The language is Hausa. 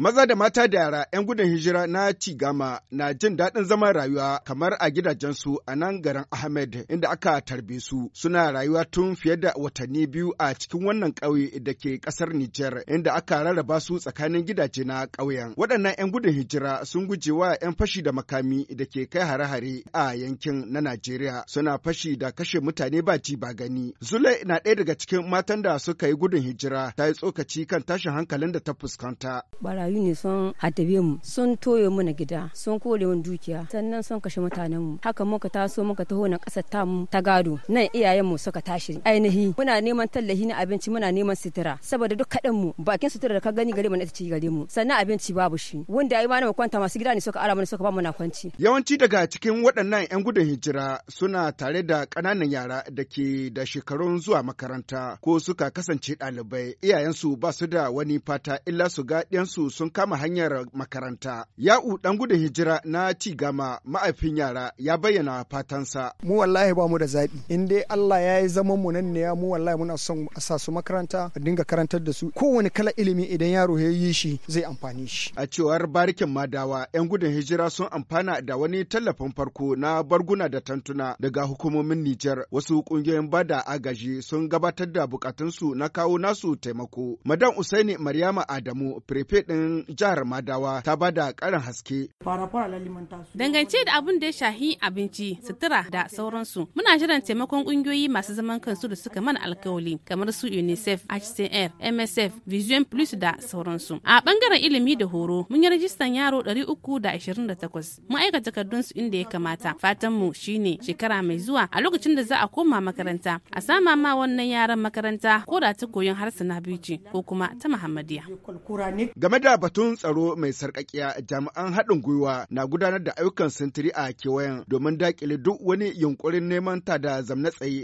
Maza da mata da yara 'yan gudun hijira na Tigama na jin daɗin zaman rayuwa kamar a gidajensu a nan garin Ahmed inda aka tarbe su. Suna rayuwa tun fiye da watanni biyu a cikin wannan ƙauye da ke ƙasar Nijar inda aka rarraba su tsakanin gidaje na ƙauyen. Waɗannan 'yan gudun hijira sun guje wa 'yan fashi da makami da ke kai hare-hare a yankin na Najeriya. Suna fashi da kashe mutane ba ji ba gani. Zule na ɗaya daga cikin matan da suka yi gudun hijira ta yi tsokaci kan tashin hankalin da ta fuskanta. barayu ne sun haddabe mu sun toye mana gida sun kore mana dukiya sannan sun kashe mutanen mu haka muka taso muka taho na kasar ta mu ta gado nan iyayen mu suka tashi ainihi muna neman tallahi na abinci muna neman sitira saboda duk kaɗan mu bakin sutura da ka gani gare mu na ita gare mu sannan abinci babu shi wanda ai ma na kwanta masu gida ne suka ara mana suka ba mu na kwanci yawanci daga cikin waɗannan 'yan gudun hijira suna tare da ƙananan yara da ke da shekarun zuwa makaranta ko suka kasance ɗalibai iyayensu ba su da wani fata illa su ga ɗiyansu sun kama hanyar makaranta. Ya'u ɗan gudun hijira na ci gama. ma'aifin yara ya bayyana fatansa. Mu wallahi ba mu da zaɓi. In dai Allah ya yi zaman mu nan ne ya mu wallahi muna son a sa su makaranta a dinga karantar da su. Kowane kala ilimi idan yaro ya yi shi zai amfani shi. A cewar barikin madawa 'yan gudun hijira sun amfana da wani tallafin farko na barguna da tantuna daga hukumomin Nijar. Wasu ƙungiyoyin bada agaji sun gabatar da bukatunsu na kawo nasu taimako. Madan Usaini Maryama Adamu, prefe ɗin gwamnatin jihar Madawa ta bada karin haske. Dangance da abin da ya shahi abinci, sutura da sauransu, muna jiran taimakon kungiyoyi masu zaman kansu da suka mana alkawali kamar su UNICEF, HCR, MSF, Vision Plus da sauransu. A bangaren ilimi da horo, mun yi rajistan yaro 328 mun aika takardun su inda ya kamata. Fatan mu shine shekara mai zuwa a lokacin da za a koma makaranta, a sama ma wannan yaran makaranta ko da ta koyon harsuna biyu ce ko kuma ta Muhammadiya. da batun tsaro mai sarƙaƙiya jami'an haɗin gwiwa na gudanar da ayyukan sintiri a kewayen domin daƙile duk wani yunkurin neman ta da zamna tsaye